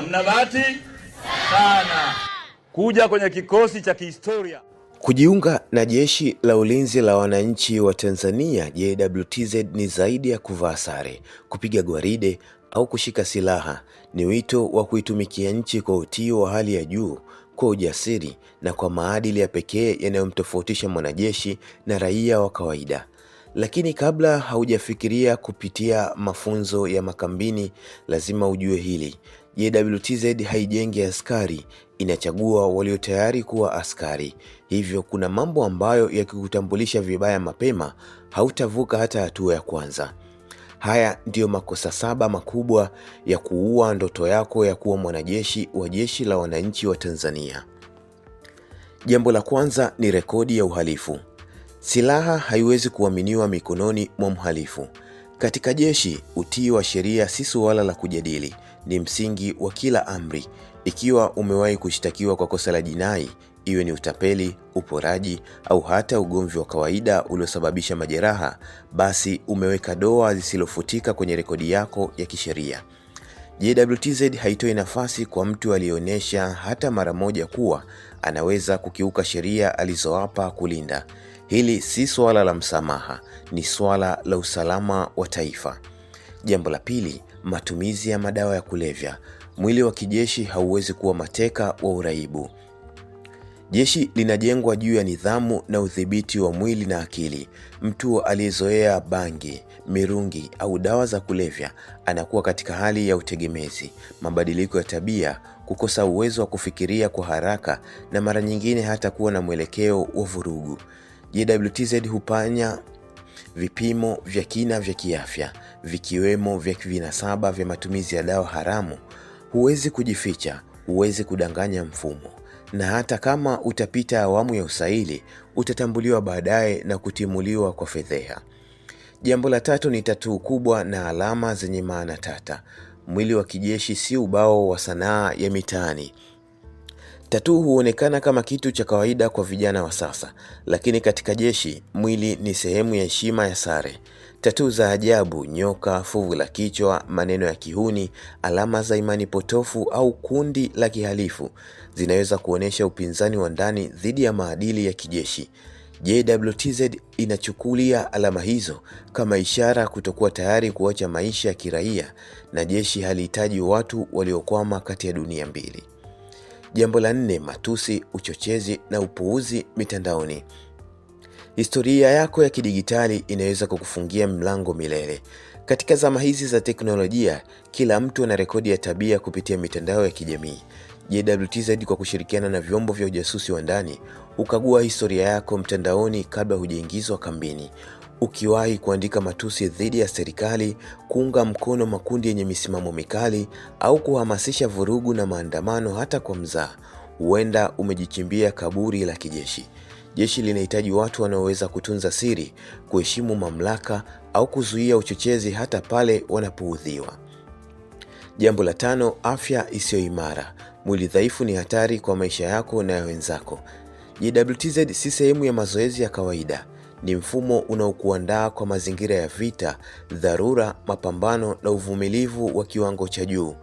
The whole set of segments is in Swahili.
Hamna bahati sana kuja kwenye kikosi cha kihistoria. Kujiunga na Jeshi la Ulinzi la Wananchi wa Tanzania JWTZ ni zaidi ya kuvaa sare, kupiga gwaride au kushika silaha. Ni wito wa kuitumikia nchi kwa utii wa hali ya juu, kwa ujasiri na kwa maadili ya pekee yanayomtofautisha mwanajeshi na raia wa kawaida. Lakini kabla haujafikiria kupitia mafunzo ya makambini, lazima ujue hili. JWTZ haijengi askari, inachagua walio tayari kuwa askari. Hivyo kuna mambo ambayo yakikutambulisha vibaya mapema, hautavuka hata hatua ya kwanza. Haya ndiyo makosa saba makubwa ya kuua ndoto yako ya kuwa mwanajeshi wa Jeshi la Wananchi wa Tanzania. Jambo la kwanza ni rekodi ya uhalifu. Silaha haiwezi kuaminiwa mikononi mwa mhalifu. Katika jeshi, utii wa sheria si suala la kujadili, ni msingi wa kila amri. Ikiwa umewahi kushtakiwa kwa kosa la jinai, iwe ni utapeli, uporaji au hata ugomvi wa kawaida uliosababisha majeraha, basi umeweka doa lisilofutika kwenye rekodi yako ya kisheria. JWTZ haitoi nafasi kwa mtu aliyeonyesha hata mara moja kuwa anaweza kukiuka sheria alizowapa kulinda. Hili si suala la msamaha, ni suala la usalama wa taifa. Jambo la pili, matumizi ya madawa ya kulevya. Mwili wa kijeshi hauwezi kuwa mateka wa uraibu. Jeshi linajengwa juu ya nidhamu na udhibiti wa mwili na akili. Mtu aliyezoea bangi, mirungi au dawa za kulevya anakuwa katika hali ya utegemezi, mabadiliko ya tabia, kukosa uwezo wa kufikiria kwa haraka na mara nyingine hata kuwa na mwelekeo wa vurugu. JWTZ hupanya vipimo vya kina vya kiafya vikiwemo vya kivinasaba vya matumizi ya dawa haramu. Huwezi kujificha, huwezi kudanganya mfumo, na hata kama utapita awamu ya usaili utatambuliwa baadaye na kutimuliwa kwa fedheha. Jambo la tatu ni tatuu kubwa na alama zenye maana tata. Mwili wa kijeshi si ubao wa sanaa ya mitaani. Tatuu huonekana kama kitu cha kawaida kwa vijana wa sasa, lakini katika jeshi mwili ni sehemu ya heshima ya sare. Tatuu za ajabu, nyoka, fuvu la kichwa, maneno ya kihuni, alama za imani potofu au kundi la kihalifu zinaweza kuonyesha upinzani wa ndani dhidi ya maadili ya kijeshi. JWTZ inachukulia alama hizo kama ishara kutokuwa tayari kuacha maisha ya kiraia, na jeshi halihitaji watu waliokwama kati ya dunia mbili. Jambo la nne, matusi, uchochezi na upuuzi mitandaoni. Historia yako ya kidigitali inaweza kukufungia mlango milele. Katika zama hizi za teknolojia, kila mtu ana rekodi ya tabia kupitia mitandao ya kijamii. JWTZ kwa kushirikiana na vyombo vya ujasusi wa ndani hukagua historia yako mtandaoni kabla hujaingizwa kambini ukiwahi kuandika matusi dhidi ya serikali, kuunga mkono makundi yenye misimamo mikali au kuhamasisha vurugu na maandamano hata kwa mzaha, huenda umejichimbia kaburi la kijeshi. Jeshi linahitaji watu wanaoweza kutunza siri, kuheshimu mamlaka au kuzuia uchochezi hata pale wanapoudhiwa. Jambo la tano, afya isiyo imara. Mwili dhaifu ni hatari kwa maisha yako na ya wenzako. JWTZ si sehemu ya mazoezi ya kawaida ni mfumo unaokuandaa kwa mazingira ya vita, dharura, mapambano na uvumilivu wa kiwango cha juu.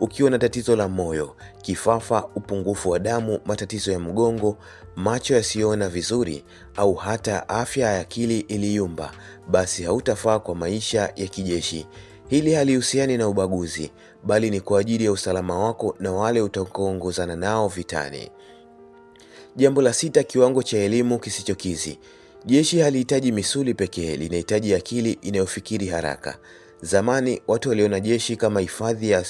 Ukiwa na tatizo la moyo, kifafa, upungufu wa damu, matatizo ya mgongo, macho yasiyoona vizuri, au hata afya ya akili iliyumba, basi hautafaa kwa maisha ya kijeshi. Hili halihusiani na ubaguzi, bali ni kwa ajili ya usalama wako na wale utakaoongozana nao vitani. Jambo la sita, kiwango cha elimu kisichokizi. Jeshi halihitaji misuli pekee, linahitaji akili inayofikiri haraka. Zamani watu waliona jeshi kama hifadhi ya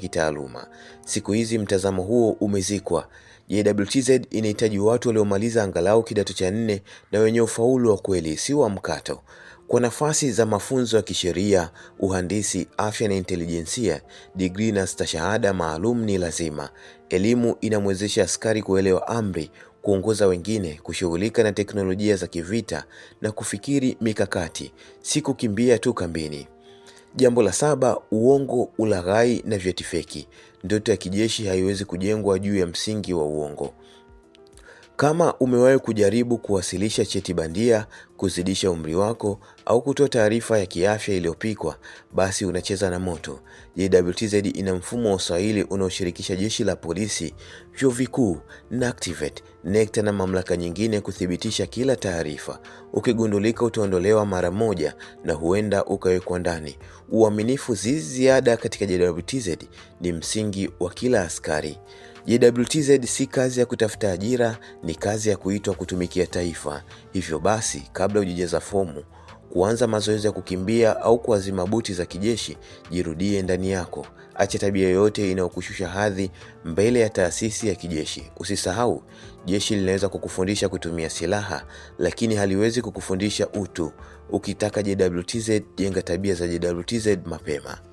kitaaluma. Siku hizi mtazamo huo umezikwa. JWTZ inahitaji watu waliomaliza angalau kidato cha nne na wenye ufaulu wa kweli, si wa mkato. Kwa nafasi za mafunzo ya kisheria, uhandisi, afya na intelijensia, digrii na stashahada maalum ni lazima. Elimu inamwezesha askari kuelewa amri, kuongoza wengine kushughulika na teknolojia za kivita na kufikiri mikakati, si kukimbia tu kambini. Jambo la saba, uongo, ulaghai na vyeti feki. Ndoto ya kijeshi haiwezi kujengwa juu ya msingi wa uongo. Kama umewahi kujaribu kuwasilisha cheti bandia, kuzidisha umri wako au kutoa taarifa ya kiafya iliyopikwa, basi unacheza na moto. JWTZ ina mfumo wa usaili unaoshirikisha Jeshi la Polisi, vyuo vikuu, NACTIVATE, NECTA na mamlaka nyingine kuthibitisha kila taarifa. Ukigundulika utaondolewa mara moja na huenda ukawekwa ndani. Uaminifu ziada katika JWTZ ni msingi wa kila askari. JWTZ si kazi ya kutafuta ajira, ni kazi ya kuitwa kutumikia taifa. Hivyo basi, kabla hujajaza fomu, kuanza mazoezi ya kukimbia au kuazima buti za kijeshi, jirudie ndani yako. Acha tabia yoyote inayokushusha hadhi mbele ya taasisi ya kijeshi. Usisahau, jeshi linaweza kukufundisha kutumia silaha, lakini haliwezi kukufundisha utu. Ukitaka JWTZ, jenga tabia za JWTZ mapema.